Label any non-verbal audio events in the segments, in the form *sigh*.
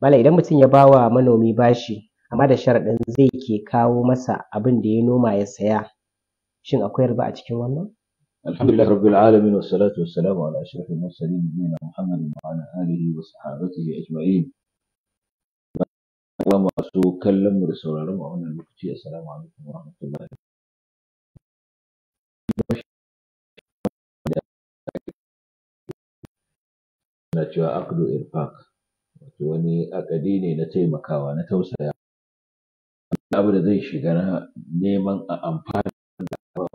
mala idan mutum ya bawa manomi bashi amma da sharaɗin zai ke kawo masa abin da ya noma ya saya shin akwai riba a cikin wannan alhamdulillah rabbil alamin wa salatu wa salamu ala ashrafil mursalin nabiyina muhammadin wa ala alihi wa sahbihi ajma'in wa masu kallon mu da sauraron mu a wannan lokaci assalamu alaikum wa rahmatullahi na cewa aqdu irfaq wani akadi ne na taimakawa na tausaya abu da zai shiga na neman a amfani da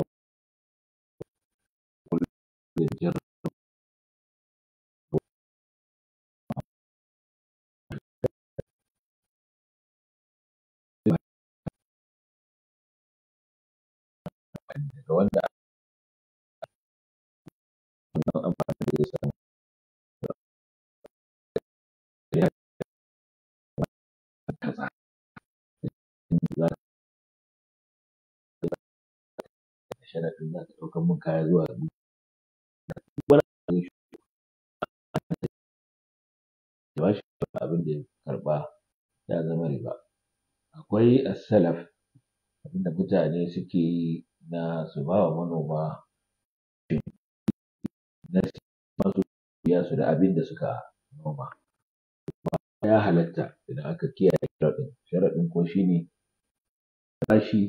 daga wanda amfani da kaza sharaɗin za ta ɗaukar mun kaya zuwa da ba shi abin da ya karɓa ya zama riba akwai asalaf da mutane suke yi na su ba wa manoma na masu biya su da abin da suka noma ya halatta idan aka kiyaye sharaɗin. Sharaɗin kuwa ne bashi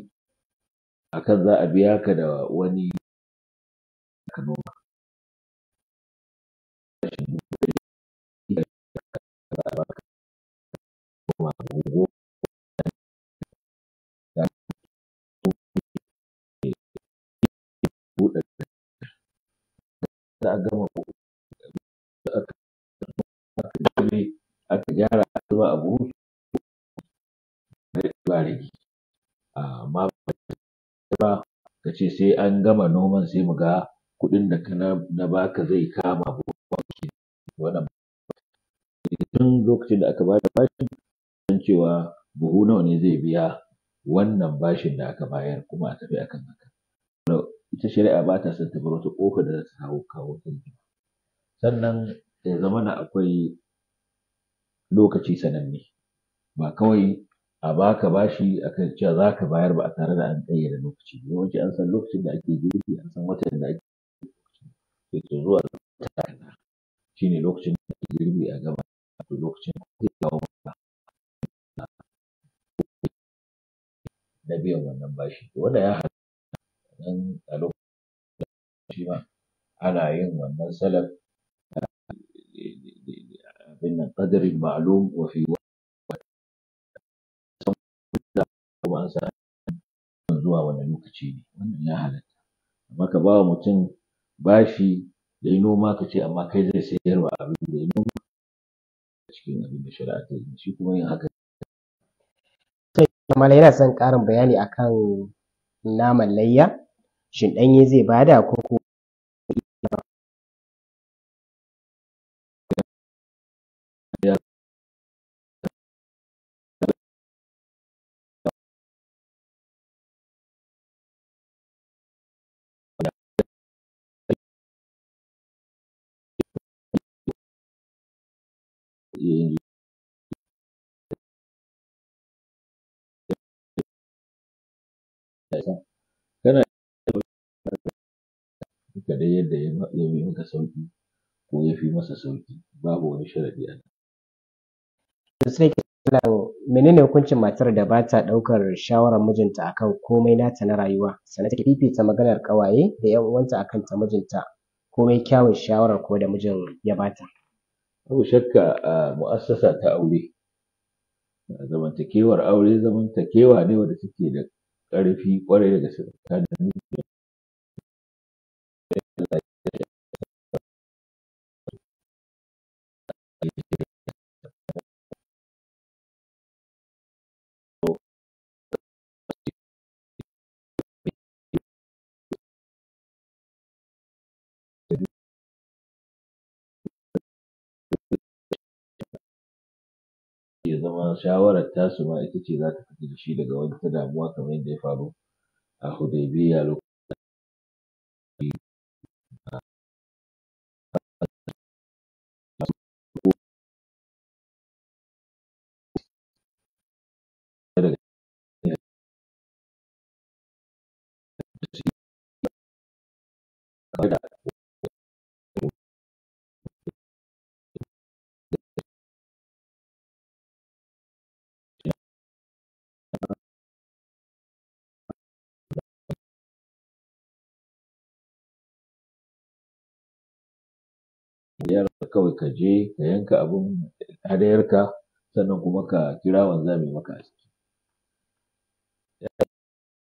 kan za a biya ka da wani ka noma. Za a aka gyara aka a buhu zai ba rake. Amma ba ka ce sai an gama noman sai mu ga kuɗin da na ba ka zai kama buhun wake. Wannan tun lokacin da aka ba da bashin san cewa buhu nawa ne zai biya wannan bashin da aka bayar kuma a tafi akan haka. Ita shari'a ba ta son ta bar wata ƙofa da za ta kawo rigima. Sannan ya zamana akwai lokaci sananne ba kawai a baka bashi a kan cewa za ka bayar ba a tare da an ƙayyade lokaci ba an san lokacin da ake girbi an san watan da ake sai to zuwa tana shine lokacin da ake girbi a gaba to lokacin zai kawo ba na biyan wannan bashi to wannan ya haɗu a lokacin da shi ma ana yin wannan salaf abin qadarin ma'lum wa kuma an san zuwa wani lokaci ne wannan ya halatta amma ka ba wa mutum bashi ya yi noma ka ce amma kai zai sayar wa abin da ya noma cikin abin da shari'a ta yi shi kuma yin haka kamar yana son ƙarin bayani akan naman layya shin ɗanye zai bada ko ko iya yin kana duka dai yadda ya yi maka sauki ko ya fi masa sauki babu wani sharadi a nan. menene hukuncin matar da ba ta ɗaukar shawarar mijinta akan komai nata na rayuwa sannan take fifita maganar ƙawaye da 'yan uwanta akan ta mijinta komai kyawun shawarar ko da mijin ya bata. babu shakka a mu'assasa ta aure zamantakewar aure zamantakewa ne wanda suke da ƙarfi ƙwarai da gaske tsakanin ya zama shawarar tasu ma ita ce za ta fita da shi daga ta damuwa kamar yadda ya faru a Hudaybiya lokacin da hadayar kawai ka je ka yanka abin hadayarka sannan kuma ka kira wanzami maka aski.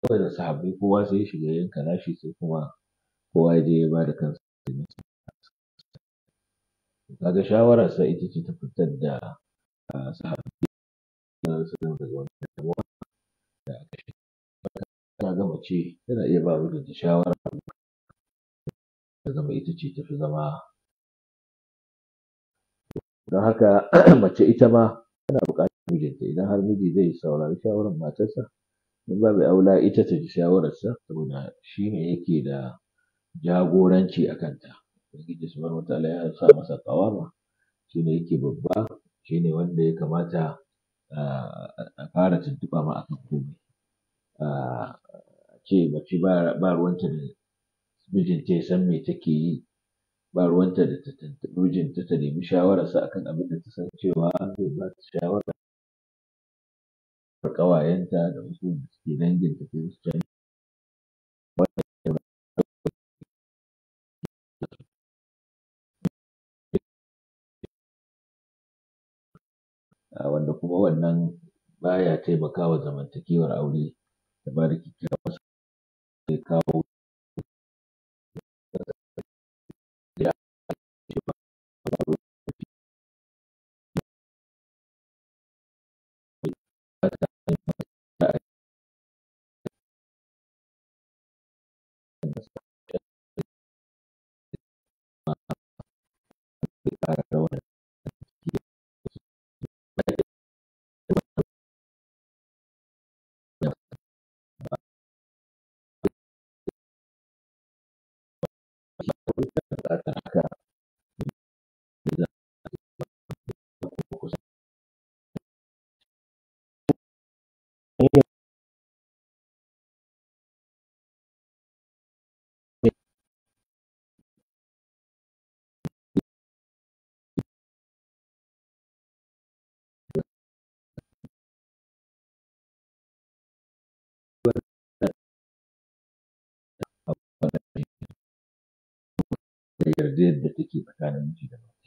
da sahabbai kowa sai shiga yanka nashi sai kuma kowa ya je ya da kansa. shawara shawararsa ita ce ta fitar da ah, sahabbai daga wani damuwa tana iya ba mijinta shawara ta zama ita ce tafi zama don haka *clears throat* mace ita ma tana buƙatar mijinta idan har miji zai saurari shawarar matarsa in babu aula ita ta ji shawararsa saboda shi ne yake da jagoranci a kanta ubangiji subhanahu wataala ya sa masa kawama shi ne yake babba shi ne wanda ya kamata a fara tuntuɓa ma akan komai a ce mace ba ruwanta da mijinta ya san me take yi ba ruwanta da ta tuntuɓi mijinta ta nemi shawararsa akan abin da ta san cewa zai ba ta shawara ƙawayenta da wasu da suke danginta ko wasu can ah, wanda kuma wannan baya taimakawa zamantakewar aure da ba da kyakkyawar zai kawo 啊，对。take tsakanin miji da mata.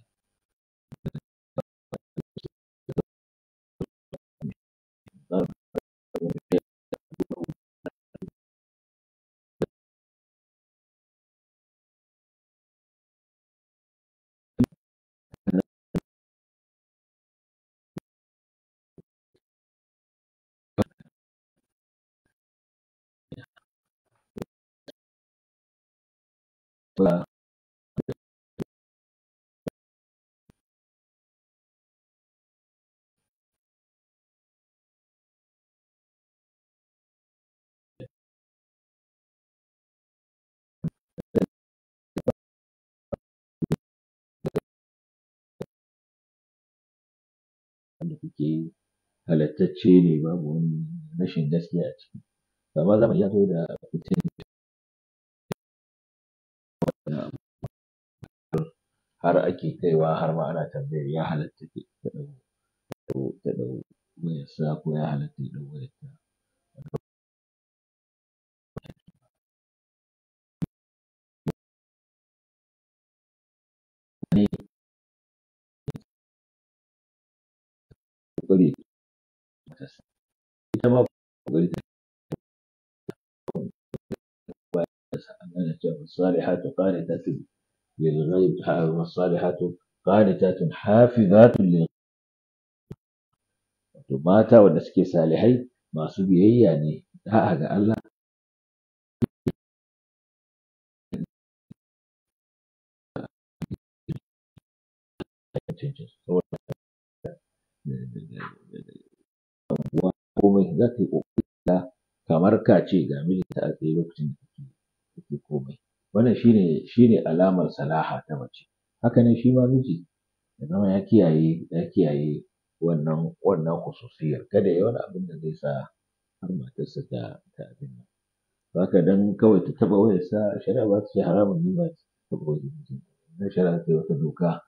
Well, kuke halattacce ne babu wani rashin gaskiya a ciki. Amma zamani ya zo da har ake kaiwa har ma ana tambayar ya halatta ta ɗau, ta ɗau sa ko ya halatta ya ɗau wayarta. الطريق تمام والصالحات قانتات للغيب والصالحات قانتات حافظات للغيب mata ونسكي صالحي ما masu يعني هذا الله هو abubuwa komai za ka yi ƙoƙari kamar ka ce ga mijinta a tsaye lokacin da kake komai. Wannan shine alamar salaha ta mace. Haka ne shi ma miji ya zama ya kiyaye ya kiyaye wannan wannan khususiyar kada yayi wani abin da zai sa har matarsa ta ta abin nan. Haka dan kawai ta taɓa wayarsa shari'a ba ta ce haramun ne ba ta taɓa wayar mijinta. Shari'a ta wata doka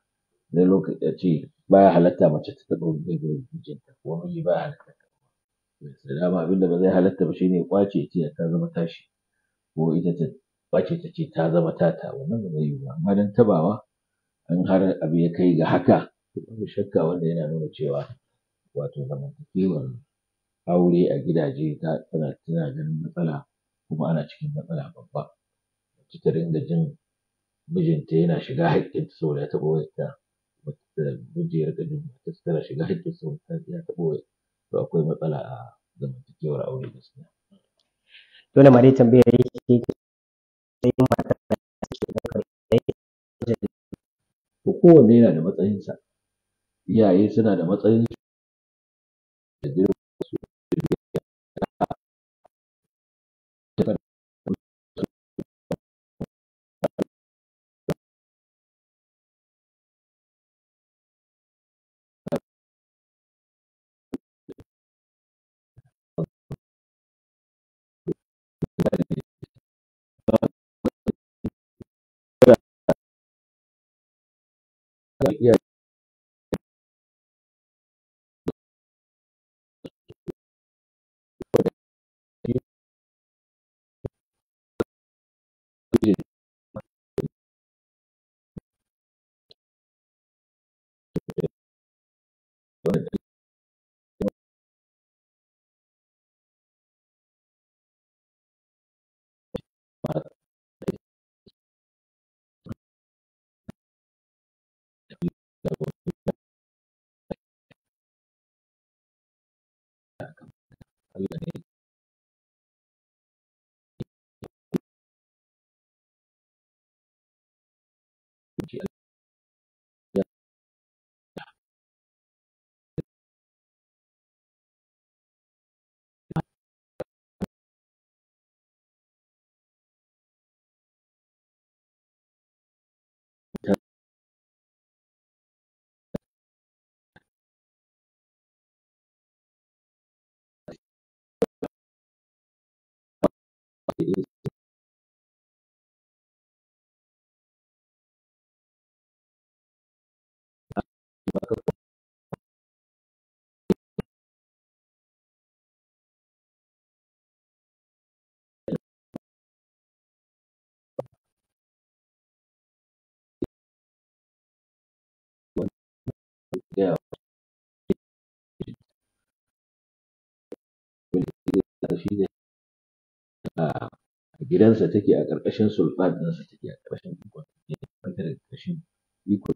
na lokaci ce ba ya halatta mace ta taɓa wani mijinta ko miji ba ya halatta da dama abin da ba zai halatta ba shine kwace ce ta zama tashi ko ita ta kwace ta ce ta zama tata wannan ba zai yi ba amma dan tabawa an har abu ya kai ga haka babu shakka wanda yana nuna cewa wato zamantakewar aure a gidaje ta tana tana ganin matsala kuma ana cikin matsala babba mace ta da jin mijinta yana shiga haƙƙinta saboda ya taɓa wata wata ta miji ya rika jin shiga hakkin sa wata ya taɓo to akwai matsala a zamantakewar aure gaskiya. Dole ma dai tambayar yake sai matar da take ɗaukar iyaye. To kowanne yana da matsayinsa. Iyaye suna da matsayin da girma. yeah. Yeah. It is baka Yeah. shi ne a gidansa take a ƙarƙashin sulfan ɗinsa take a ƙarƙashin ikon wanda daga ikon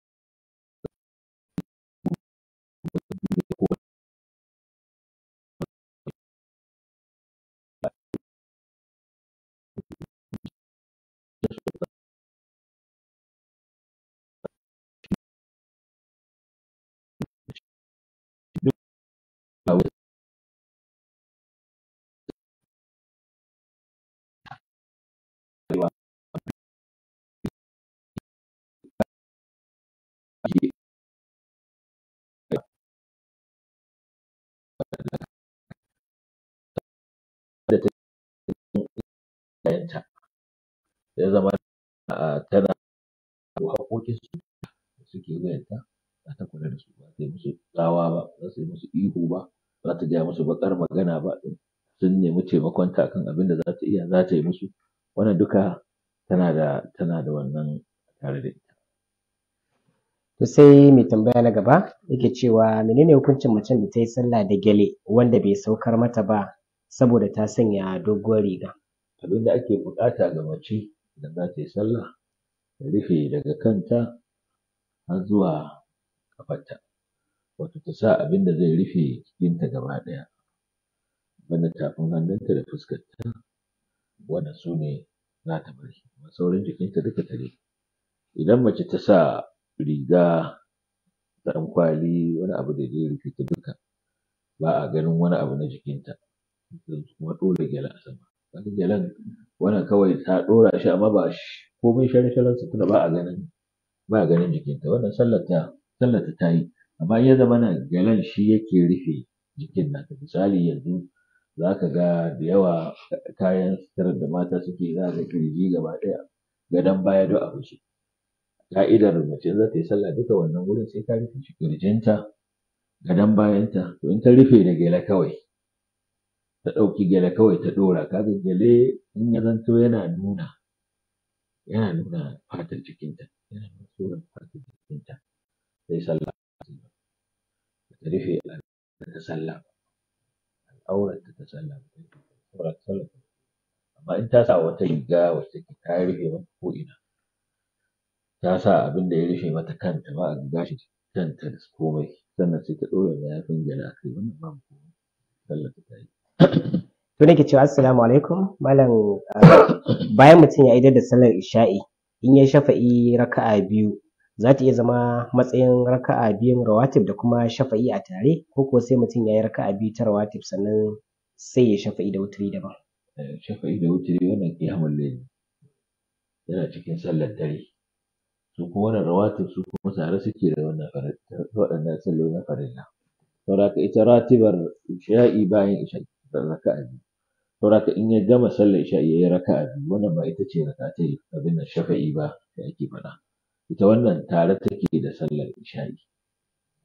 ya zama ah, tana haƙoƙin da suke wuyanta. za ta kula da su ba ta yi musu tsawa ba ba za su yi musu ihu ba ba ta gaya musu bakar magana ba sun nemi taimakon ta kan abin da za ta iya za ta yi musu wannan duka tana da tana da wannan tare da ita to sai mai tambaya na gaba yake cewa menene hukuncin macen da ta yi sallah da gele wanda bai saukar mata ba saboda ta sanya doguwar riga abin da ake bukata ga mace idan za ta yi sallah ta rufe daga kanta har zuwa kafarta wato ta sa abin da zai rufe jikinta gaba ɗaya banda tafin hannunta da fuskarta wanda su ne za ta bari sauran jikinta duka ta rufe idan mace ta sa riga ɗan kwali wani abu da zai rufe ta duka ba a ganin wani abu na jikinta kuma ɗora gyale a sama Wani gyalen wannan kawai ta ɗora shi amma ba komai shara-sharan ba a ganin ba a ganin jikinta wannan sallar ta sallar ta yi amma in ya zamana galan shi yake rufe jikin ta misali yanzu za ka ga da yawa kayan suturar da mata suke za ka ga ƙirji gaba ɗaya gadon baya duk a rushe ka'idar mace za ta yi sallah duka wannan wurin sai ta rufe shi ƙirjinta gadon bayanta to in ta rufe da gele kawai ta ɗauki gele kawai ta ɗora ga gele in ya zanto yana nuna yana nuna fatar jikinta yana nuna fatar jikinta sai sallah ta rufe al'aurarta ta sallah al'aurarta ta ta sallah amma in ta sa wata riga wacce ta rufe mata ko ina ta sa abin da ya rufe mata kanta ba a riga shi kanta da komai sannan sai ta ɗora mayafin gyale a kai wannan ba mu sallah ta yi *coughs* to nake cewa assalamu alaikum malam ah, bayan mutum ya idar da sallar isha'i in ya shafa'i raka'a biyu za ta iya zama matsayin raka'a biyun rawatib da kuma shafa'i a tare ko kuwa sai mutum ya yi raka'a biyu ta rawatib sannan sai ya shafa'i da wuturi daban. Eh, shafa'i da wuturi wannan ƙiyamun laili yana cikin sallar dare. Su kuma wannan rawatib su kuma tare suke da wannan waɗannan salloli na farilla. Saboda haka ita ratibar isha'i bayan isha'i da raka'a biyu. saboda in ya gama sallar isha'i ya yi raka'a biyu wannan ba ita ce raka'a ta abin nan shafa'i ba da ake faɗa ita wannan tare take da sallar isha'i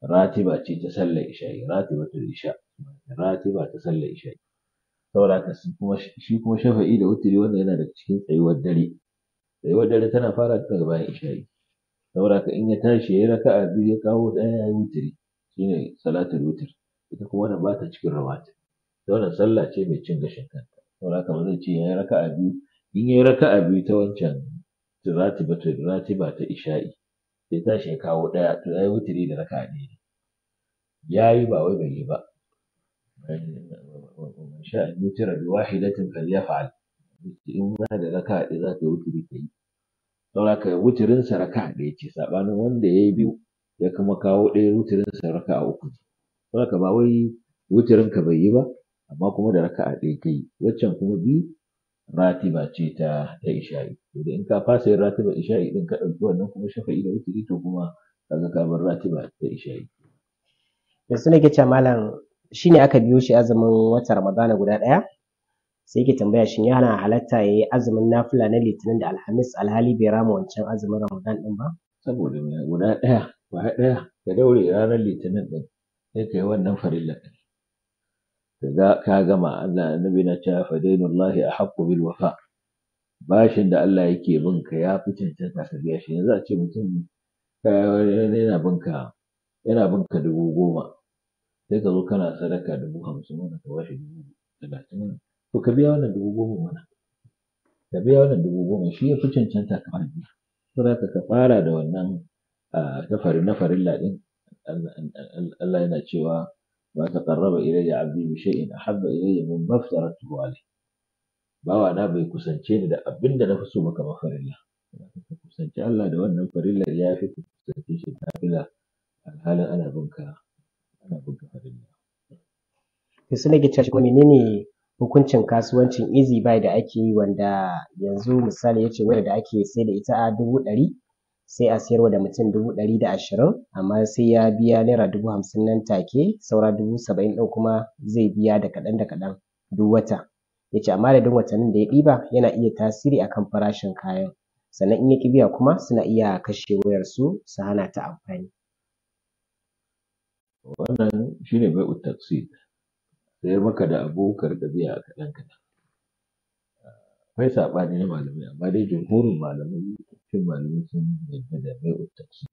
ratiba ce ta sallar isha'i ta isha ratiba ta sallar isha'i saboda haka shi kuma shafa'i da wuturi wannan yana daga cikin tsayuwar dare tsayuwar dare tana fara daga bayan isha'i saboda ka in ya tashi ya yi raka'a biyu ya kawo ɗaya ya yi wutiri shine salatul wutir ita kuma wannan ba ta cikin rawatib wannan sallah ce mai cin gashin kanta saboda ka ba zai ce ya yi raka'a biyu in ya yi raka'a biyu ta wancan turatiba turatiba ta isha'i sai tashi ya kawo ɗaya to wutiri da raka ya yi ba wai bai yi ba bi in da raka za ka yi wutiri ka yi saboda ka wutirin sa raka ce wanda ya yi biyu ya kuma kawo ɗaya wutirin sa raka uku ka ba wai wutirin ka bai yi ba amma kuma da raka'a ɗaya ka yi waccan kuma biyu ratiba ce ta isha'i da in ka fasa yin ratiba isha'i din ka ɗauki wannan kuma shafa'i da wuturi to kuma kaga ka bar ratiba da isha'i yanzu nake cewa malam shine aka biyo shi azumin watan ramadana guda ɗaya sai yake tambaya shin na halatta yi azumin nafila na litinin da alhamis alhali bai rama wancan azumin ramadan din ba saboda guda ɗaya ba ɗaya ka daure ranar litinin din sai ka yi wannan farilla ɗin. ka gama Allah annabi na cewa fadainullahi ahaqqu bil wafa' bashin da Allah yake bin ka ya fi cancanta ka biya shi yanzu a ce mutum yana bin ka yana bin ka dubu goma sai ka zo kana sadaka dubu hamsin wannan ka bashi dubu talatin wannan to ka biya wannan dubu goma mana ka biya wannan dubu goma shi ya fi cancanta ka biya saboda ka fara da wannan na farilla din Allah yana cewa ba ما تقرب إلي عبدي بشيء أحب إلي مما افترضته عليه bawana bai kusance ni da abin da na fi so ba kamar farilla. Ka kusanci Allah da wannan farilla ya fi ka shi da nafila alhalin ana bin ka, ana bin ka farilla. To sai kuma menene hukuncin kasuwancin Easy Buy da ake yi wanda yanzu misali yace wayar da ake sai da ita a dubu ɗari sai a siyarwa da mutum dubu ɗari da ashirin amma sai ya biya naira dubu hamsin nan take saura dubu saba'in ɗin kuma zai biya da kaɗan da kaɗan duk wata. ya ce amma adadin watannin da ya ɗiba yana iya tasiri akan farashin kayan sannan in ya ƙi biya kuma suna iya kashe wayarsu su hana ta amfani. Wannan shi ne bai'ut taqsid sayar maka da abu ka riƙa biya kaɗan kaɗan. Akwai saɓani na malamai amma dai jumhurin malamai cikin malamai sun yarda da bai'ut taqsid.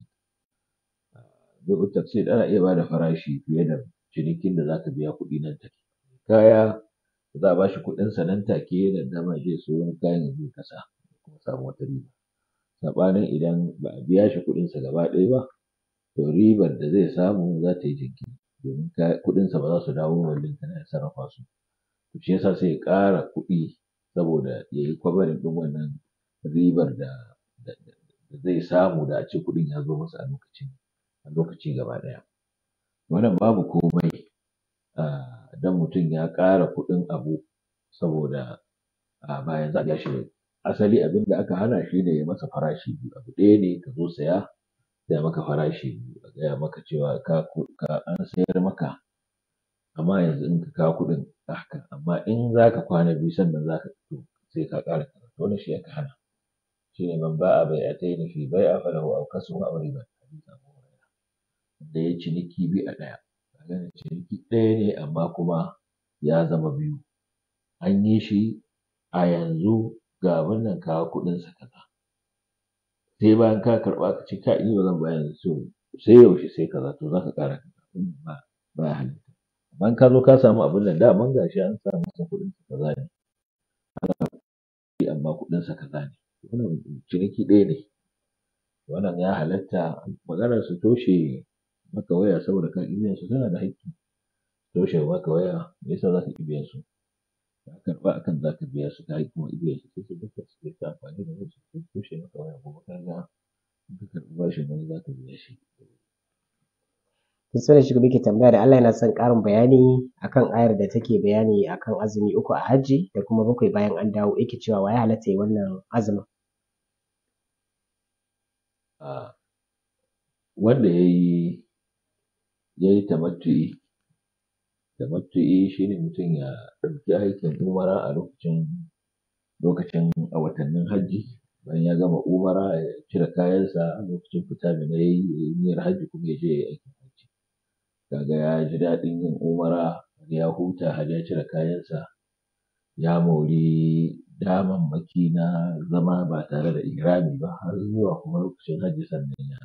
Bai'ut taqsid ana iya bada farashi fiye da cinikin da zaka biya kuɗi nan take. Kaya za a bashi kuɗin sa nan take da dama je su wani kayan zai kasa kuma samu wata riba saɓanin idan ba a biya shi kuɗin sa gaba ɗaya ba to ribar da zai samu za ta yi jinkiri domin kuɗin sa ba za su dawo wallin ta na sarrafa su to shi yasa sai ya ƙara kuɗi saboda ya yi kwabarin ɗin wannan ribar da zai samu da a ce kuɗin ya zo masa a lokacin a lokaci gaba ɗaya wannan babu komai a ah, idan mutum ya ƙara kuɗin abu saboda ba yanzu a shi Asali abin da aka hana shi ne ya masa farashi biyu. Abu ɗaya ne ka zo saya ya maka farashi biyu a gaya maka cewa ka an sayar maka amma yanzu in ka kawo kuɗin haka amma in za ka kwana biyu sannan za ka fito sai ka ƙara kaza to wannan shi aka hana. Shi ne man ba'a bai a ta yi nufi bai a falahu a kasu a wuri ba. Da ya ciniki biyu a ɗaya. maganar ciniki ɗaya ne amma kuma ya zama biyu. An yi shi a yanzu ga abun nan kawo kuɗinsa kaza. Sai bayan ka karɓa ka ce kai ni bazan bayar yanzu sai yaushe sai kaza to zaka ƙara kaza wannan ba ya halitta. Amma in ka zo ka samu abun nan daman gashi an sa masa kuɗinsa kaza ne. An sa kuɗi amma kuɗinsa kaza ne. Wannan ciniki ɗaya ne. Wannan ya halatta maganar su toshe maka waya saboda kan ibiyan su suna da haƙƙi yaushe ba ka waya me yasa za ka ƙi su ka karɓa akan za ka biya su ka yi kuma biyan su sai su duka su ke ta amfani da wasu su yaushe maka waya ko ka ga ka ba shi wani za ka biya shi. sani shi muke tambaya da Allah yana son ƙarin bayani akan ayar da take bayani akan azumi uku a hajji da kuma bakwai bayan an dawo yake cewa waye ya halatta yi wannan azumin. Ah, wanda ya yi ya yi tamattu'i tamattu'i shi ne mutum ya ɗauki aikin umara a lokacin lokacin a watannin hajji bayan ya gama umara ya cire kayansa lokacin fita mina yayi yayi niyyar hajji kuma ya je ya yi aikin hajji kaga ya ji daɗin yin umara ya huta har ya cire kayansa ya mori damammaki na zama ba tare da ihrami ba har zuwa kuma lokacin hajji sannan ya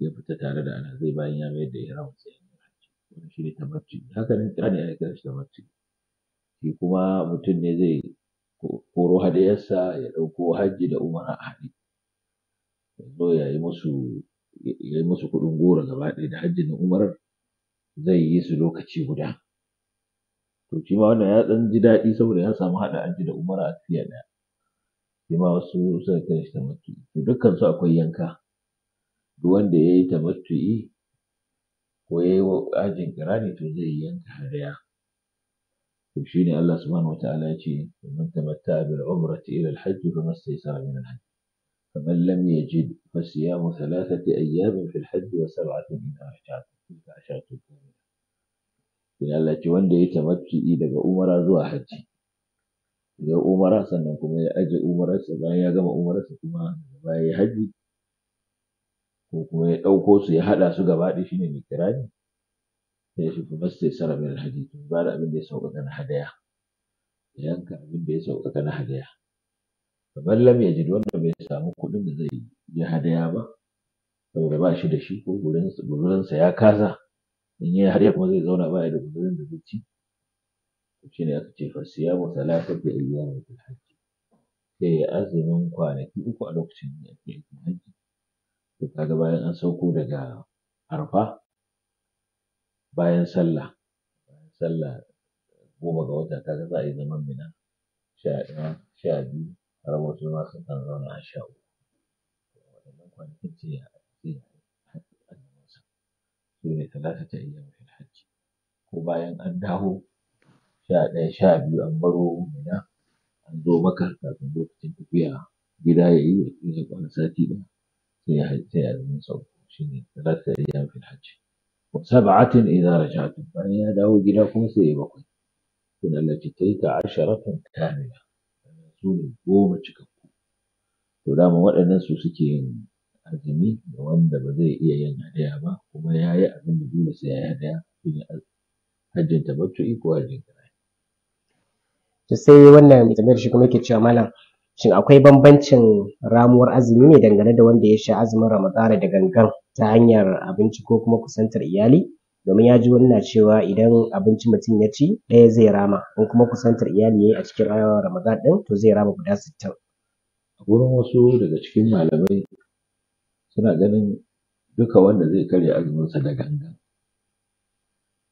ya fita tare da ana zai bayan ya mayar da rawa sai ya yi hajji wannan shine tabbaci haka nan kirani ana kiran shi shi kuma mutum ne zai koro hadayarsa ya ɗauko hajji da umara a haɗi yanzu ya yi musu ya yi musu kuɗin goro gaba ɗaya da hajji da umarar zai yi su lokaci guda to shi ma wannan ya ɗan ji daɗi saboda ya samu haɗa hajji da umara a tafiya ɗaya shi ma wasu suka kai shi tabbaci to dukkan su akwai yanka duk wanda ya yi tamattu'i ko ya yi ajin kirani to zai yanka hadaya to shine Allah subhanahu wataala ya ce man tamatta bil umrati ila al hajj fa mastaysara min al hajj faman lam yajid fa siyamu thalathati ayyamin fil hajj wa sab'atin in ahjat tilka ashatun kamila sai Allah ya ce wanda ya tamattu'i daga umara zuwa hajji ya umara sannan kuma ya aje umararsa bayan ya gama umararsa kuma bayan ya hajji ko kuma ya ɗauko su ya haɗa su gaba ɗaya shine miƙirani sai shi kuma sai sara mai alhaji to ba da abin da ya sauƙaƙa na hadaya ya yanka abin da ya sauƙaƙa na hadaya kamar lam ya jid wanda bai samu kuɗin da zai yi hadaya ba saboda ba shi da shi ko gurinsa ya kasa in yi hadaya kuma zai zauna ba ya da gurin da zai ci shi ne aka ce fasiyamu lafiyar da iyyamin ta hajj sai azumin kwanaki uku a lokacin da ake aikin hajji to kaga bayan an sauko daga arfa bayan sallah bayan sallah goma ga wata kaga za a yi zaman mina sha ɗaya sha biyu har wasu ma sun kan zauna a sha uku waɗannan kwanakin ce ya su ne talata ta iya mafi hajji ko bayan an dawo sha ɗaya sha biyu an baro mina an zo maka kafin lokacin tafiya gida ya yi ya kwana sati ɗaya في هذه من صوم شنين ثلاثة أيام في الحج وسبعة إذا رجعتم فهي هذا وجه لكم سيبقى كنا لجتيت عشرة كاملة سوني قوم تشكك ولما ولا ناس سكين أزمي وأنت بدي إيه ينعليها ما وما يعي أبن بيقول سيهدها في الحج أنت بدت إيه كواجين تنعي جسي وانا مزمير شكو ميكي تشامالا Shin akwai bambancin ramuwar azumi ne dangane da wanda ya sha azumin Ramadana da gangan ta hanyar abinci ko kuma kusantar iyali? Domin ya ji wani na cewa idan abinci mutum ya ci ɗaya zai rama, in kuma kusantar iyali ya yi a cikin Ramadan ɗin to zai rama guda sittin. Wurin wasu daga cikin malamai suna ganin duka wanda zai karya azuminsa da gangan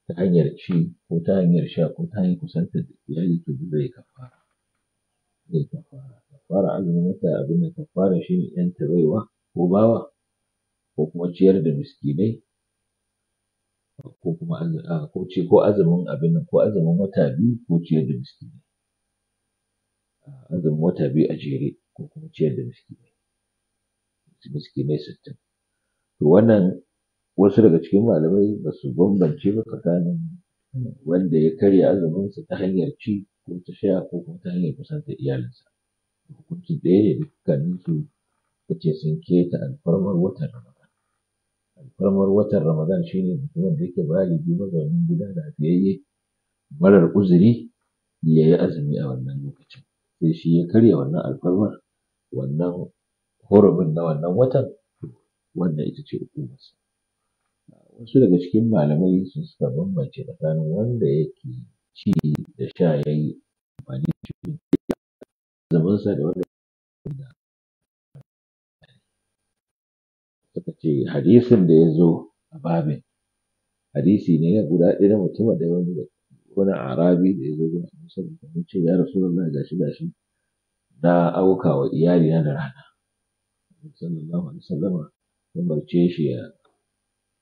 ta hanyar ci ko ta hanyar sha ko ta hanyar kusantar iyali to zai kafara. Zai kafara. kafara azumin wata abin da kafara shi ne ‘yanta baiwa ko bawa ko kuma ciyar da miskinai ko kuma ko ce ko azumin abin nan ko azumin wata biyu ko ciyar da miskinai azumin wata biyu a jere ko kuma ciyar da miskinai miskinai sittin to wannan wasu daga cikin malamai ba su bambance ba tsakanin wanda ya karya azuminsa ta hanyar ci ko ta sha ko kuma ta hanyar kusanta iyalinsa hukunci ɗaya ne dukkaninsu kace sun keta alfarmar watan Ramadan. Alfarmar watan Ramadan shi ne mutumin da yake baligi mazaunin gida lafiyayye marar uzuri ya yi azumi a wannan lokacin. Sai shi ya karya wannan alfarmar wannan horumin na wannan watan wannan ita ce hukumarsa. Wasu daga cikin malamai su suka bambance tsakanin wanda yake ci da sha ya yi amfani da zamansa da wannan suka ce hadisin da ya zo a babin hadisi ne guda ɗaya na mutum da wani wani arabi da ya zo guda ɗaya sun ya ce ya rasu da gashi gashi na auka wa iyali na da rana sallallahu alaihi wasallama ya marce shi ya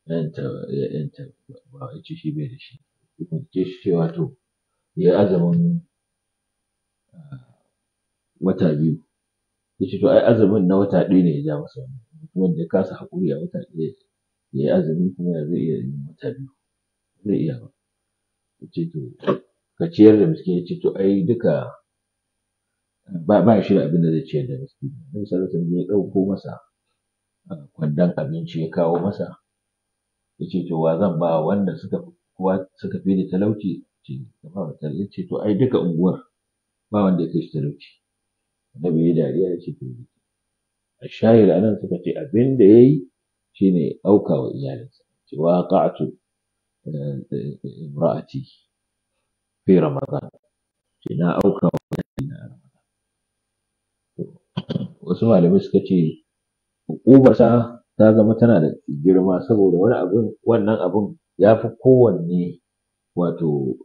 yanta ya yanta ba shi bai da shi ya marce shi cewa to ya azamin wata biyu ya ce to ai azumin na wata ɗaya ne ya ja masa wanda ya kasa haƙuri a wata ɗaya ya yi azumin kuma ya zai iya yin wata biyu zai iya ba ya ce to ka ciyar da miskin ya ce to ai duka ba ba shi da abin da zai ciyar da miskin Nabi sallallahu alaihi ya ɗauko masa kwandon abinci ya kawo masa ya ce to wa zan ba wanda suka kuwa suka fi da talauci ce ya ce to ai duka unguwar ba wanda ya kai shi talauci annabi ya dariya ya ce to a shahid a nan suka ce abin da ya yi shi ne wa iyalinsa ce wa qa'atu eh, imra'ati fi ramadan ce na auka wa iyalina a ramadan wasu malamai suka ce sa ta zama tana da girma saboda wani abin wannan abin ya fi kowanne wato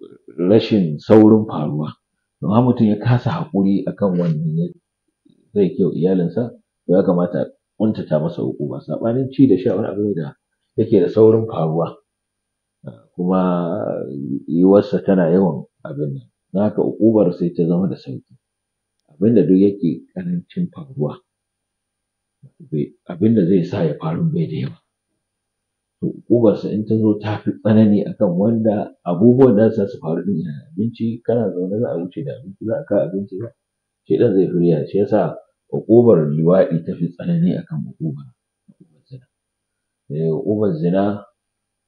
rashin saurin faruwa to mutum ya kasa haƙuri akan wannan zai kyau iyalinsa to ya kamata a ƙuntata masa hukuma saɓanin ci da sha wani abu ne da yake da saurin faruwa kuma yiwuwarsa tana yawan abin nan don haka hukumar sai ta zama da sauƙi abin da duk yake ƙarancin faruwa abin da zai sa ya faru bai da yawa to uƙubarsa in ta zo ta fi tsanani akan wanda abubuwan da za su faru din yana abinci kana zaune za a wuce da abinci za a kawo abinci ba shi dan zai furya shi yasa uƙubar liwaɗi ta fi tsanani akan uƙubar zina eh zina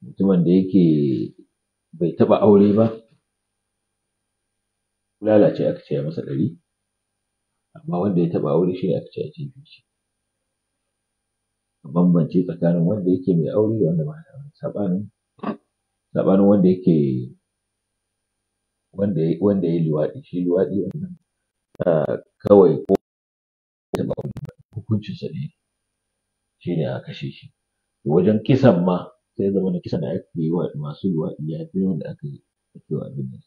mutumin da yake bai taɓa aure ba lalace aka ce ya masa ɗari amma wanda ya taɓa aure shi ne aka ce a jefe shi bambance tsakanin wanda yake mai aure da wanda ba ya aure sabanin sabanin wanda yake wanda ya wanda ya shi liwaɗi wannan ah, kawai ko hukuncin sa ne shi ne a kashe shi wajen kisan ma sai zama na kisan da ake yi wa masu luwaɗi ya fi wanda aka yi ake wa abin da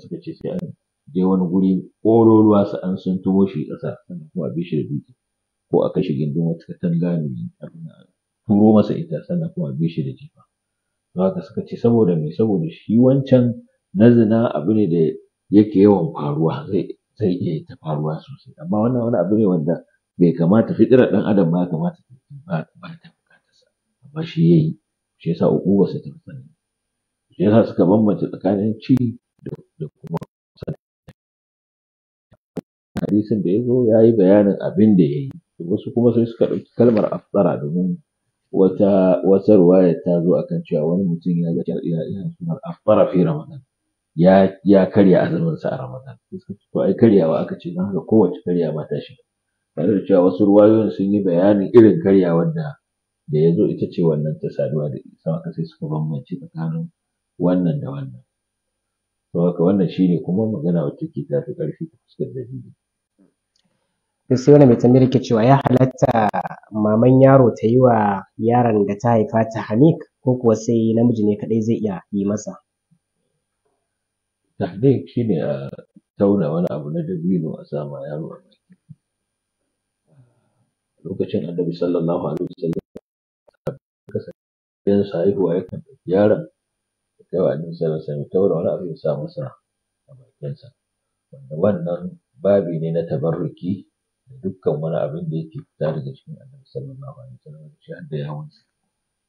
suka ce sai an je wani guri ƙoro ruwa su an sun tumo shi ƙasa kuma a shi da dutse ko a kashe gindin wata katanga mai abin turo masa ita sannan kuma bi shi da jifa don haka suka ce saboda me saboda shi wancan na zina abu ne da yake yawan faruwa zai zai iya ta faruwa sosai amma wannan wani abu ne wanda bai kamata fitira dan adam ba ya kamata ba ta sa, amma shi ya yi shi yasa uqubarsa ta tsanani shi yasa suka bambance tsakanin ci da kuma hadisin da ya zo ya yi bayanin abin da ya yi wasu kuma sai suka ɗauki kalmar afsara domin wata wata ruwaya ta zo kan cewa wani mutum ya zaki yana sunan aftara fi ramadan ya ya karya azumin sa a ramadan to ai karyawa aka ce don haka kowace karya ma ta shiga tare da cewa wasu ruwayoyin sun yi bayanin irin karyawar da da ya zo ita ce wannan ta saduwa da ita haka sai suka bambance tsakanin wannan da wannan to haka wannan shine kuma magana wacce ke tafi ƙarfi ta fuskar dalili sai wani mai tambayar ke cewa ya halatta maman yaro ta yi wa yaron da ta haifa ta hamik ko kuwa sai namiji ne kaɗai zai iya yi masa? Tahnik shi ne a tauna wani abu na dabino a sa ma yaro a baki. Lokacin annabi sallallahu alaihi wasallam kasa sa haihuwa yakan ɗauki yaron da kai wa annabi sallallahu alaihi wasallam tauna wani abu ya sa masa a bakinsa. wannan babi ne na tabarruki dukkan wani abin da yake fita daga cikin annabi sallallahu alaihi wasallam da shi har da yawunsa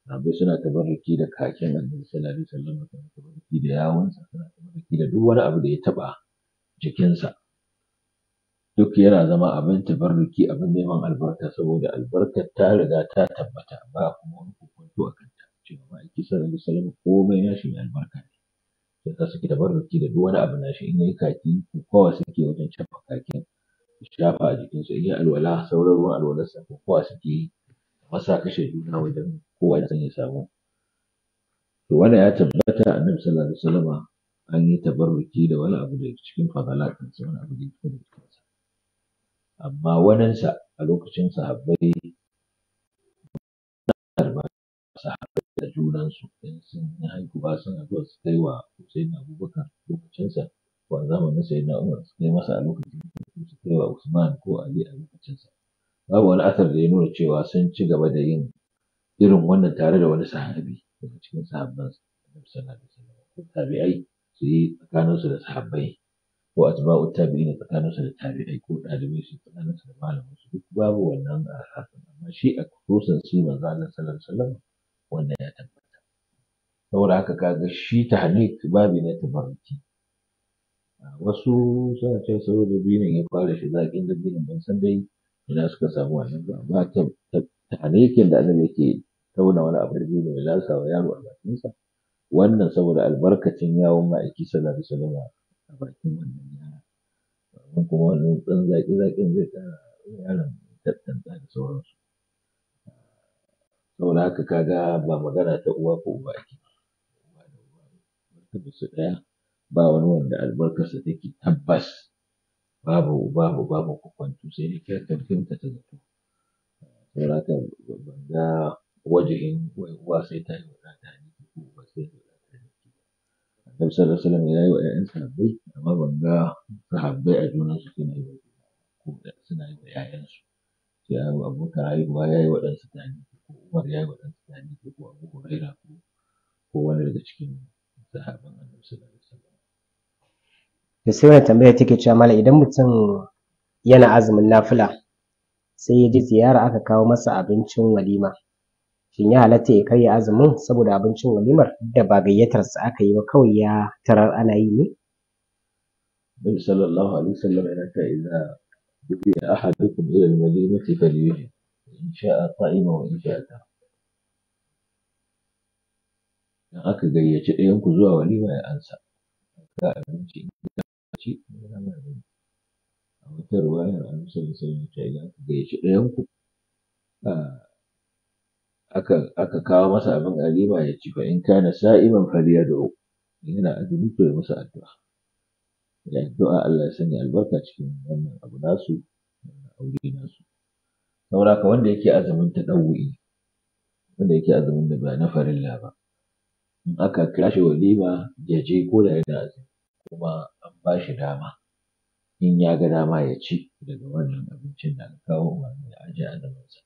sahabbai suna tabarruki da kakin annabi sallallahu alaihi wasallam suna tabarruki da yawunsa suna tabarruki da duk wani abu da ya taba jikinsa duk yana zama abin tabarruki abin neman albarka saboda albarkar ta riga ta tabbata ba kuma wani kokonto a kanta cewa a sallallahu alaihi wasallam komai ya shiga albarka ne sai ka suke tabarruki da duk wani abu na shi in yayi kaki ko kawai suke wajen cafa kakin shafa a jikin in alwala sauran ruwan alwalarsa kokawa suke yi masa kashe juna wajen kowa ya san ya samu. To ya tabbata annabi sallallahu alaihi wasallama an yi tabarruki da wani abu daga cikin fadalatinsa wani abu daga cikin jikinsa. Amma waninsa a lokacin sahabbai sahabbai da junansu in sun haihu ba suna zuwa su kai wa Hussein Abubakar lokacinsa. ko a zamanin sayyidina Umar suka yi masa a lokacin ko suka yi wa Usman ko Ali a lokacinsa babu wani asar da ya nuna cewa sun ci gaba da yin irin wannan tare da wani sahabi daga cikin sahabban sallallahu alaihi wasallam ko tabi'ai su yi tsakaninsu da sahabbai ko atba'u tabi'ina tsakaninsu da tabi'ai ko ɗalibai su tsakaninsu da malamin su duk babu wannan asasin amma shi a kusan su manzo Allah sallallahu alaihi wasallam wannan ya tabbata saboda haka kaga shi tahnik babu na tabarruki Wasu suna ce saboda dabino ya fara shi zaƙin dabino ban san dai ina suka samu wannan ba ta tahanikin da annabi yake tauna wani abu da dabino ya lasa wa yaro a bakinsa wannan saboda albarkacin yawon ma'aiki sallallahu alaihi wasallam a bakin wannan yaro. Wannan kuma wannan ɗan zaƙi zaƙin zai ta yaron tattanta da sauransu. Saboda haka ka ga ba magana ta uwa ko uba ake ba. Uwa da ɗaya. ba wani wanda albarkarsa take tabbas babu babu babu kwanto sai dai ka kyauta ta zato saboda haka ban ga wajihin uwa sai ta yi ta ne ko ba sai ta yi wadata ne annabi sallallahu alaihi wasallam ya yi wa ƴaƴan sahabbai amma ban ga sahabbai a juna su suna yi wa ko suna yi wa su sai abu abubakar haihuwa ya yi wa ta tani ko umar ya yi wa ta tani ko abu huraira ko wani daga cikin sahabban annabi sallallahu alaihi wasallam to sai wani tambaya take cewa mala idan mutum yana azumin nafila sai ya ji ziyara aka kawo masa abincin walima shin ya halatta ya karya azumin saboda abincin walimar da ba gayyatarsa aka yi ba kawai ya tarar ana yi ne Nabi sallallahu alaihi wasallam yana ta idza dubi ahadukum ila al-walimati falyuhi in sha'a ta'ima wa in sha'a ta dan aka gayyace ɗayan ku zuwa walima ya ansa ga abinci abinci mai hana ne. A wata ruwayar an sani sani ta idan aka gayyaci ɗayan ku aka kawo masa abin alima ya ci fa in kana sa'iman faliya da yana azumi to ya masa addu'a. Da addu'a Allah ya sanya albarka cikin wannan abu nasu wannan aure nasu. Saboda haka wanda yake azumin ta ɗau'i wanda yake azumin da ba na farilla ba. In aka kira shi walima ya je ko da yana azumi. kuma an ba shi dama in ya ga dama ya ci daga wannan abincin da aka kawo wa ya aje a gabansa.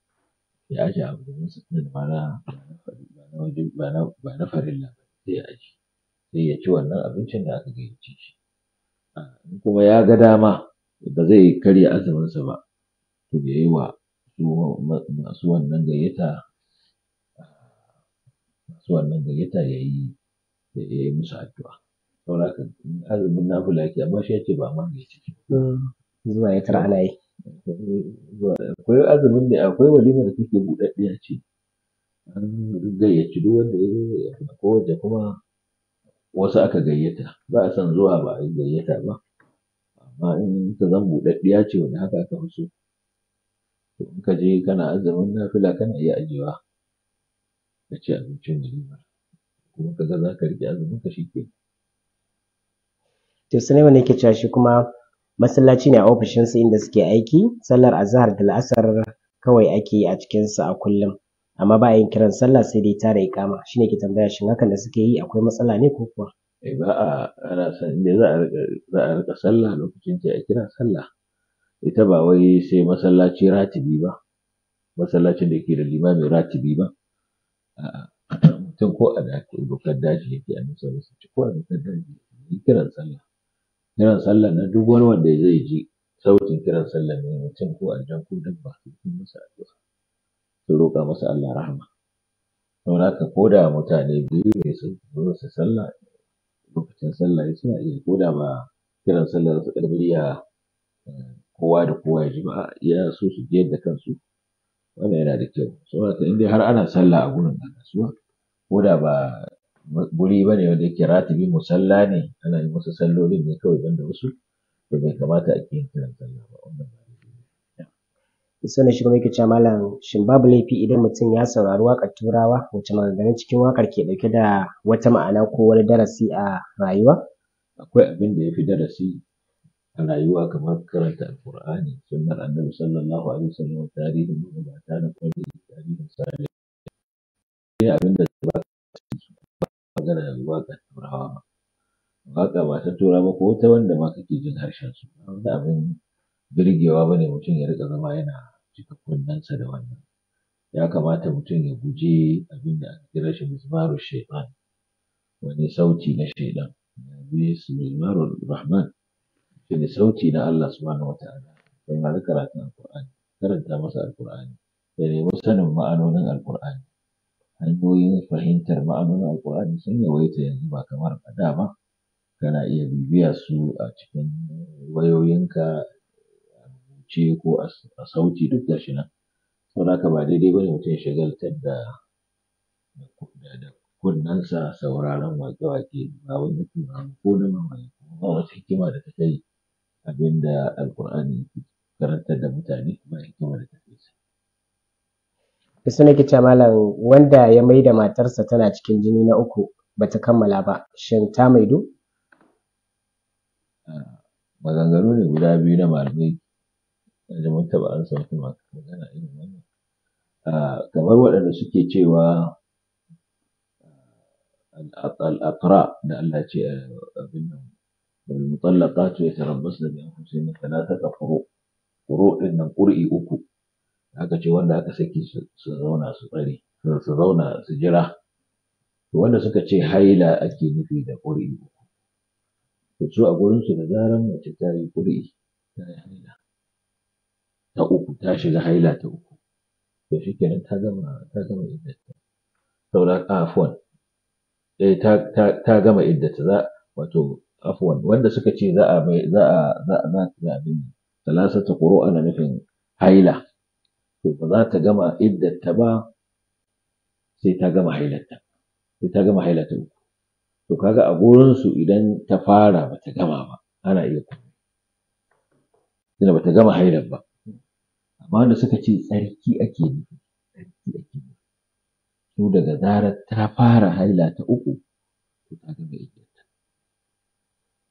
Ya aje a gabansa ɗin ba na ba na ba na farilla ba sai ya aje. Sai ya ci wannan abincin da aka gayyace shi. In kuma ya ga dama ba zai karya azuminsa ba to ya yi wa masu wannan gayyata masu wannan gayyata ya yi musu addu'a. saboda haka azumin nafila yake amma shi ce ba amma yake hmm. zuwa ya tara ala yi akwai azumin da akwai walimar da take buɗaɗɗiya ce an gayyaci duk wanda ya yi ya ko kuma wasu aka gayyata ba a son zuwa ba a gayyata ba amma in ta zan buɗaɗɗiya ce wanda haka aka fi so to in ka je kana azumin nafila kana iya ajiyewa ka ci abincin walimar kuma ka ga za ka riƙe azumin ka shi kenan to Suleiman yake cewa shi kuma masallaci ne a ofishinsu inda suke aiki sallar azhar da la'asar kawai ake yi a cikinsu a kullum amma ba a yin kiran sallah sai dai tara ikama shine ke tambaya shin hakan da suke yi akwai matsala ne ko kuwa eh ba a ana san inda za a za a rika sallah lokacin da kira sallah ita ba wai sai masallaci ratibi ba masallacin da ke da limami ratibi ba a'a mutum ko a da dokar daji yake a nisa ko a dokar daji kiran sallah kiran sallah na duk wani wanda zai ji sautin kiran salla ne mutum ko aljan ko dabba su yi masa addu'a su roƙa masa Allah rahama don haka ko da mutane biyu ne zo su sallah lokacin sallah suna iya ko da ba kiran sallan su ƙarfiya eh, kowa da kowa ya ji ba ya so su je da kansu wannan yana da kyau saboda in dai har ana salla a gurin a kasuwa ko da ba guri ba ne wanda yake ratibi musalla ne ana yin wasu sallolin ne kawai da wasu to bai kamata a ke yin kiran sallah ba wannan ba sannan na shiga muke cewa malam shin babu laifi idan mutum ya saurari waƙar turawa wacce maganganun cikin waƙar ke ɗauke da wata ma'ana ko wani darasi a rayuwa akwai abin da ya fi darasi a rayuwa kamar karanta Alƙur'ani, sunnar annabi sallallahu alaihi wasallam tarihin magabata na kwarai tarihin salih ne abin da ba maganar waƙar Turawa ba. Waƙa ba ta Turawa ba ko ta wanda ma kake jin harshen su. Wani abin birgewa ba ne mutum ya riƙa zama yana cika kunnensa da wannan. Ya kamata mutum ya guji abin da aka kira shi shaiɗan, wani sauti na shaiɗan. su mizmarun Rahman shine sauti na Allah subhanahu wa ta'ala. Saurari karatun Alƙur'ani, karanta masa Alƙur'ani, ya nemi sanin ma'anonin Alƙur'ani. hanyoyin fahimtar ma'anonin Alƙur'ani sun yawaita yanzu ba kamar a da ba. Kana iya bibiya su a cikin wayoyinka, a rubuce ko a sauti duk shi nan. Saboda haka ba daidai ba ne mutum ya shagaltar da kunnensa sauraron waƙe-waƙe ba wai na ba, ko na mamaye kuma ba wata hikima da ta kai abin da Alƙur'ani yake karantar da mutane ba hikima da ta kai. Isa ke cewa malam wanda ya mai da matarsa tana cikin jini na uku bata kammala ba shin ta maidu? Ah, maganganu ne guda biyu na malamai da mun taɓa an sauke magana irin wannan. Ah, kamar waɗanda suke cewa ah, al'akura da Allah ce eh, abin nan ce da ya yatarabbasna na anfusihinna na quru quru ɗin nan ƙuri uku aka ce wanda aka saki su zauna su tsare su zauna su jira wanda suka ce haila ake nufi da ƙuri uku su a su da zaran mace ta yi ƙuri ta yi haila ta uku ta shiga haila ta uku to shi kenan ta gama ta gama iddata saura afwan eh ta ta ta gama ta za wato afwan wanda suka ce za a za a za a za a bin salasata qur'ana nufin haila to ba za ta gama iddata ba sai ta gama hailarta sai ta gama hailarta uku to kaga a gurinsu idan ta fara ba ta gama ba ana iya kuma ina ba ta gama hailar ba amma da suka ce tsarki ake nufi tsarki ake nufi su daga zarar ta fara haila ta uku to ta gama iddata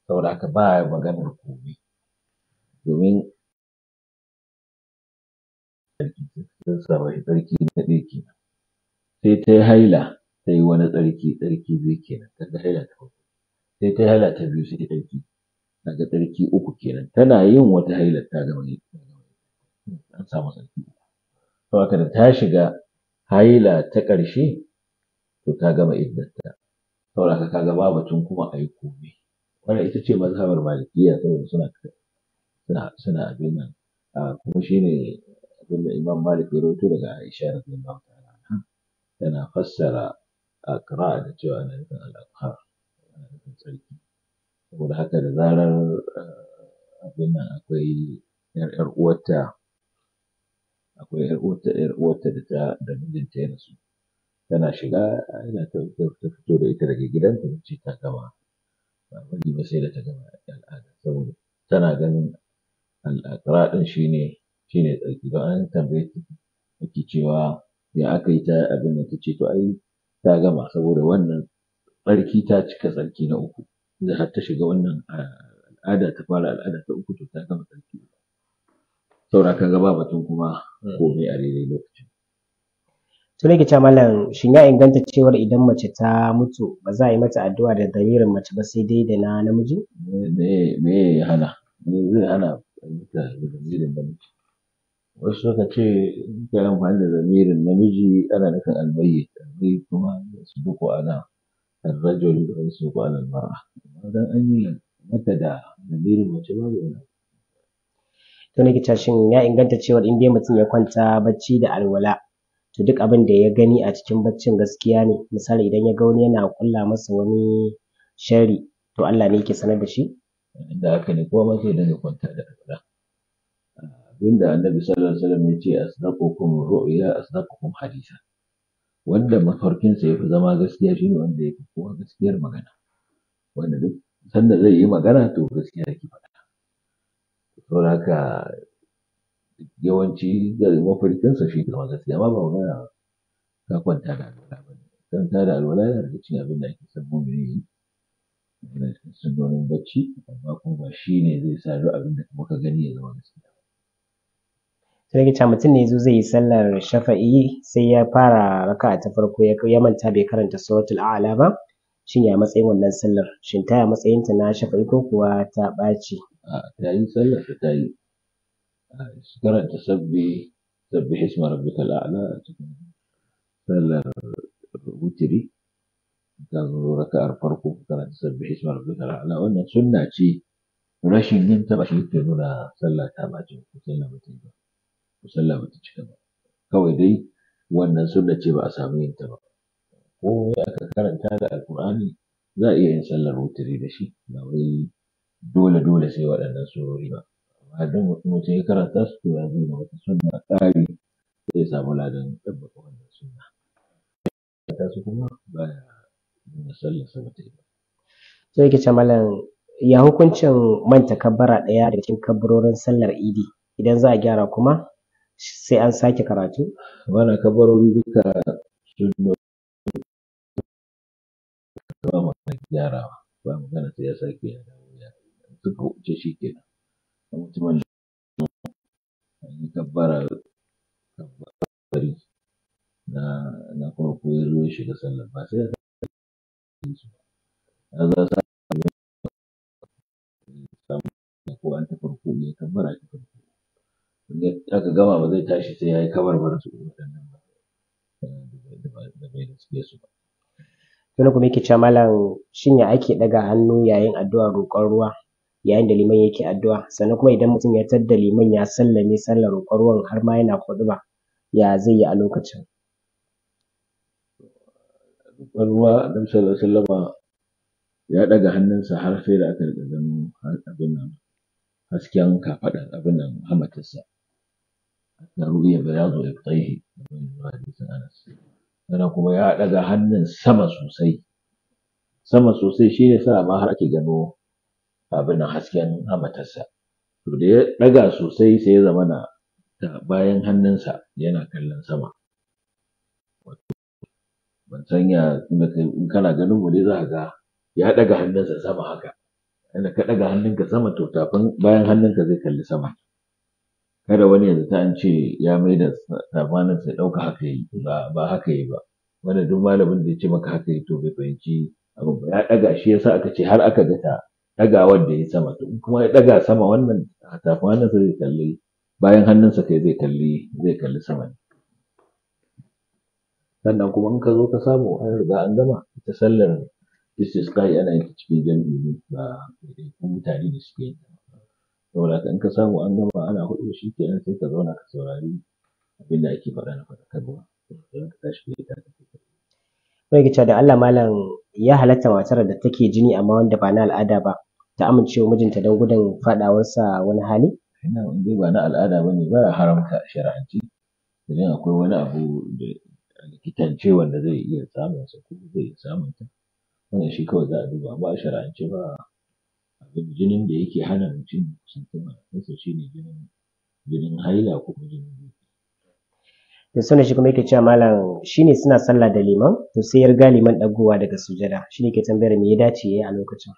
saboda haka ba maganar komai domin don tsarki na ɗaya kenan. Sai ta yi haila ta yi wani tsarki, tsarki zai kenan. Kaga haila ta farko. Sai ta yi haila ta biyu sai tsarki. Kaga tsarki uku kenan. Tana yin wata haila ta gama yin an samu tsarki uku. Don haka da ta shiga haila ta ƙarshe to ta gama iddarta. Saboda haka kaga ba batun kuma a yi komai. Wannan ita ce mazhabar Malikiyya saboda suna suna suna abin nan ah, kuma shi abinda Imam Malik ya rawaito daga Aisha radiyallahu ta'ala anha tana fassara aqra da cewa na nufin al-aqhar ana nufin saboda haka da zarar eh, abin nan akwai ƴar ƴar uwarta akwai ƴar uwarta ƴar uwarta da ta da mijinta ya rasu tana shiga yana ta fito da ita daga gidanta ta ce ta gama ba bari ba sai da ta gama al'ada saboda tana ganin al'aqra din shine shi ne tsarki don an tambaye ta take cewa ya aka yi ta abin da ta ce to ai ta gama saboda wannan tsarki ta cika tsarki na uku da har ta shiga wannan al'ada ta fara al'ada ta uku to ta gama tsarki saura ka gaba batun kuma komai a daidai lokacin to nake cewa malam shin ya inganta cewar idan mace ta mutu ba za a yi mata addu'a da damirin mace ba sai dai da na namiji me ya hana me zai hana ta da damirin namiji wasu suka ce ta yi amfani da zamirin namiji ana nufin almayyit almayyit kuma yasduqu ala الرجل ويسبق على المرأة an yi mata da zamirin mace babu ina to nake cewa shin ya inganta cewa in dai mutum ya kwanta bacci da alwala to duk abin da ya gani a cikin baccin gaskiya ne misali idan ya ga wani yana kulla masa wani sharri to Allah ne yake sanar da shi da haka ne kuma ma zai dinga kwanta da alwala inda annabi sallallahu alaihi wasallam ya ce asdaqukum ru'ya asdaqukum hadisa wanda mafarkinsa ya fi zama gaskiya shine wanda ya kowa gaskiyar magana wanda duk sanda zai yi magana to gaskiya yake faɗa to haka yawanci da mafarkinsa shi zama gaskiya amma ba magana ka kwanta da alwala ba ta da alwala yana da cin abin da ake son mumini yi sun da bacci amma kuma ba shi ne zai sa duk abin da kuma ka gani ya zama gaskiya sai yake cewa mutum ne yazo zai yi sallar shafa'i sai ya fara raka'a ta farko ya manta bai karanta suratul a'la ba shin ya matsayin wannan sallar shin ta ya matsayin ta na shafa'i ko kuwa ta ɓaci ta yi sallar ta ta yi karanta sabbi sabbi hisma rabbikal a'la sallar wutiri ta zo raka'ar farko karanta sabbi hisma rabbikal a'la wannan sunna ce rashin yin ta ba shi ke nuna sallar ta ɓaci ko sallar mutum ba to sallah bata cika ba kawai dai wannan sunna ce ba a samu yin ta ba ko aka karanta da alkur'ani za a iya yin sallar wutiri da shi ba wai dole dole sai waɗannan surori ba amma don mutum ya karanta su to ya zama wata sunna ƙari ya samu ladan tabbata wannan sunna ta su kuma Ba ya nuna sallar sa bata yi ba sai ke malam ya hukuncin manta kabbara ɗaya da cikin kabbarorin sallar idi idan za a gyara kuma sai an sake karatu? Mana kabarori duka ba magana gyarawa ba magana sai ya sake ya dawo ya duka wuce shi ke nan mutumin da yi kabbara kabbari na na farko ya zo shiga sallar ba sai ya sake su ba za sa samu ko an ta farko ne kabbara ta farko aka gama ba zai tashi sai ya yi kamar bar su ba da bai su ba. Tuna kuma yake cewa malam shin ya ake ɗaga hannu yayin addu'a roƙon ruwa yayin da liman yake addu'a sannan kuma idan mutum ya tadda liman ya sallame sallar roƙon ruwan har ma yana kuɗuba ya zai yi a lokacin. Roƙon ruwa Annabi sallallahu alaihi ya ɗaga hannunsa har sai da aka riga gano abin hasken kafaɗa abin nan hamatarsa. na ruwiya ba ya zo ya hadisin Anas sannan kuma ya daga hannun sama sosai sama sosai shi ne sa ma har ake gano abin hasken hamatarsa to da ya daga sosai sai ya zama na bayan hannunsa yana kallon sama ban san ya in kana ganin mu dai za ka ga ya daga hannunsa sama haka yana ka ɗaga hannunka sama to tafin bayan hannunka zai kalli sama kada wani ya zata an ce ya mai da sabanin sai ɗauka haka yi ba ba haka yi ba wanda duk malamin da ya ce maka haka yi to bai fahimci abin ba ya ɗaga shi yasa aka ce har aka ga ta ɗagawar wanda ya sama to kuma ya daga sama wannan tafin hannunsa zai kalli bayan hannunsa kai zai kalli zai kalli sama ne sannan kuma in ka zo ka samu an riga an gama ita sallar istisqa ana yin cikin jami'i ba mutane da suke yi saboda haka in ka samu an gama ana hudu shi kenan sai ka zauna ka saurari abin da ake faɗa na faɗakarwa don ka tashi ta da Allah malam ya halatta matar da take jini amma wanda ba na al'ada ba ta amincewa mijinta don gudun faɗawarsa wani hali ina in dai ba na al'ada ba ne ba haramta a shar'anci idan akwai wani abu da likitance wanda zai iya samun sa ko zai iya samun ta wannan shi kawai za a duba ba a ba jinin da yake hana mutum kusantar matarsa shi ne jinin jinin haila ko jinin da sunan shi kuma yake cewa malam shine suna sallah da liman to sai ya riga liman dagowa daga sujada Shi ne ke tambayar me ya dace yayi a lokacin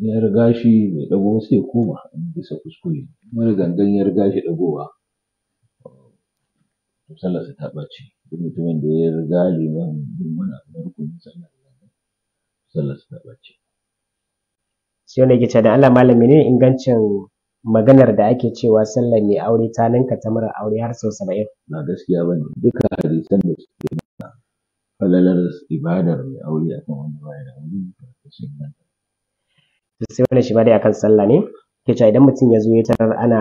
ya riga shi mai dago sai ya koma bisa kuskure mara gangan ya riga shi dagowa to sallar sa ta bace duk mutumin da ya riga liman duk wani na rukunin sallar sallar sa ta bace sai wanda yake cewa dan Allah malam menene ingancin maganar da ake cewa sallar mai aure ta ninka ta mara aure har sau saba'in ba gaskiya ba ne. duka hadisan da suke nuna falalar ibadar mai aure akan wani baya da aure ba su inganta sai wannan shi ma dai akan sallah ne ke cewa idan mutum ya zo ya tarar ana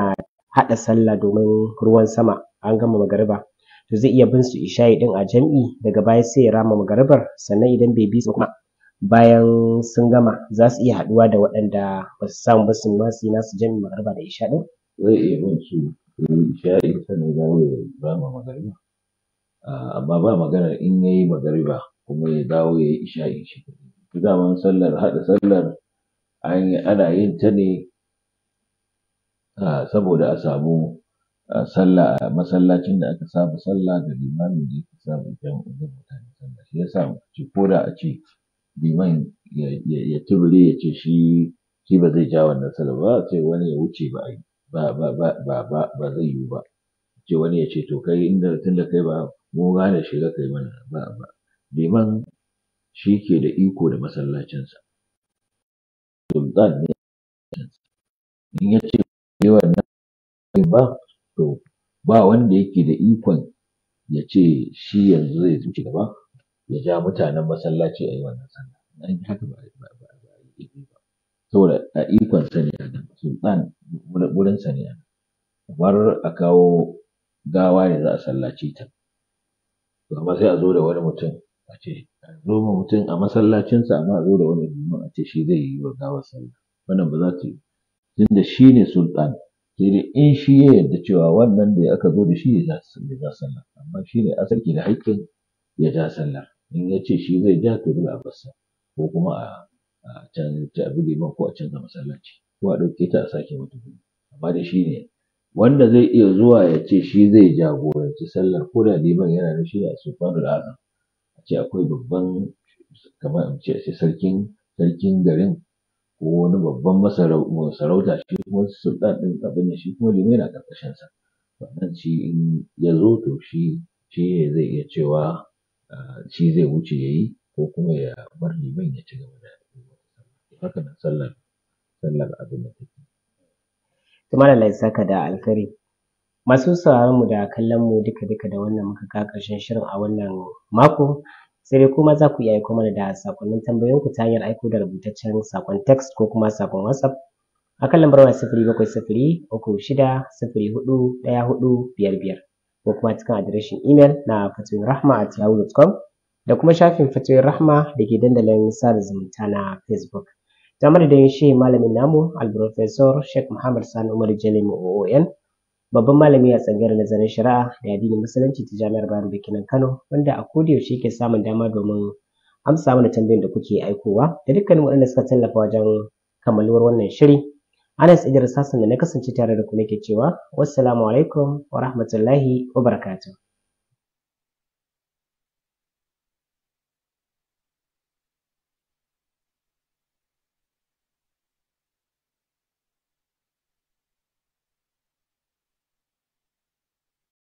haɗa sallah domin ruwan sama an gama magariba to zai iya bin su isha'i din a jam'i daga baya sai ya rama magaribar sannan idan bai bi su kuma bayan sun gama za su iya haɗuwa da waɗanda ba su samu ba su ma yi nasu jami'in magariba da isha ɗin? Zai iya yin su isha'i sannan za mu ba ma magariba. Amma ba magana in ya yi magariba kuma ya dawo ya yi isha'i shi. sallar haɗa sallar ana yin ta ne saboda a samu sallah a masallacin da aka saba sallah da limamin da yake samu idan mutane sallah shi samu ci ko da a ce liman ya tubule ya ce shi shi ba zai ja wannan sallah ba sai wani ya wuce ba ai ba ba ba ba zai yiwu ba ce wani ya ce to kai inda tun da kai ba mu gane shiga kai mana ba ba liman shi ke da iko da masallacinsa sultan ne in ya ce yawan nan ba to ba wanda yake da ikon ya ce shi yanzu zai zuci gaba ya ja mutanen masallaci a yi wannan sallah an yi haka ba a yi ba saboda a ikon sani a nan sultan wurin sani a nan kamar a kawo gawa ya za a sallace ta amma sai a zo da wani mutum a ce a zo ma mutum a masallacinsa amma a zo da wani liman a ce shi zai yi wa gawar sallah wannan ba za ta yi tunda shi ne sultan sai dai in shi ya yarda cewa wannan da aka zo da shi ya ja sallah amma shi ne asali da haƙƙin ya ja sallah in ya ce shi zai ja to dole a basa ko kuma a a can ta abu liman ko a canza masallaci ko a ɗauke ta a sake mata gudu amma da shi ne wanda zai iya zuwa ya ce shi zai jagoranci sallar ko da liman yana da shi a sufanul azam a ce akwai babban kamar a ce sarkin sarkin garin ko wani babban masarauta shi kuma sultan ɗin abin da shi kuma liman yana ƙarƙashinsa wannan shi in ya zo to shi shi zai iya cewa Ah, shi zai wuce ya yi ko kuma ya bar liman ya ci gaba da haka nan sallar sallar abin da take kuma da saka da alkhairi masu sauraron mu da kallon mu duka duka da wannan muka ga karshen shirin a wannan mako sai dai kuma za ku iya aiko mana da sakonnin tambayoyin ku ta hanyar aiko da rubutaccen sakon text ko kuma sakon whatsapp akan lambar waya sifiri bakwai sifiri uku shida sifiri hudu ɗaya hudu biyar biyar ko kuma cikin adireshin imel na fatoyin rahma at yahoo.com da kuma shafin fatoyin rahma da ke dandalin sada zumunta na facebook ta madadin shi malamin namu alprofesor sheikh muhammad sani umar jalimi oon babban malami a tsangayar nazarin shari'a da addinin musulunci ta jami'ar bayan da kano wanda a yaushe ke samun dama domin amsa mana tambayin da kuke aikowa da dukkanin waɗanda suka tallafa wajen kammaluwar wannan shiri Anas Idris Hassan da na kasance tare da ku nake cewa wassalamu alaikum wa rahmatullahi wa barakatuh.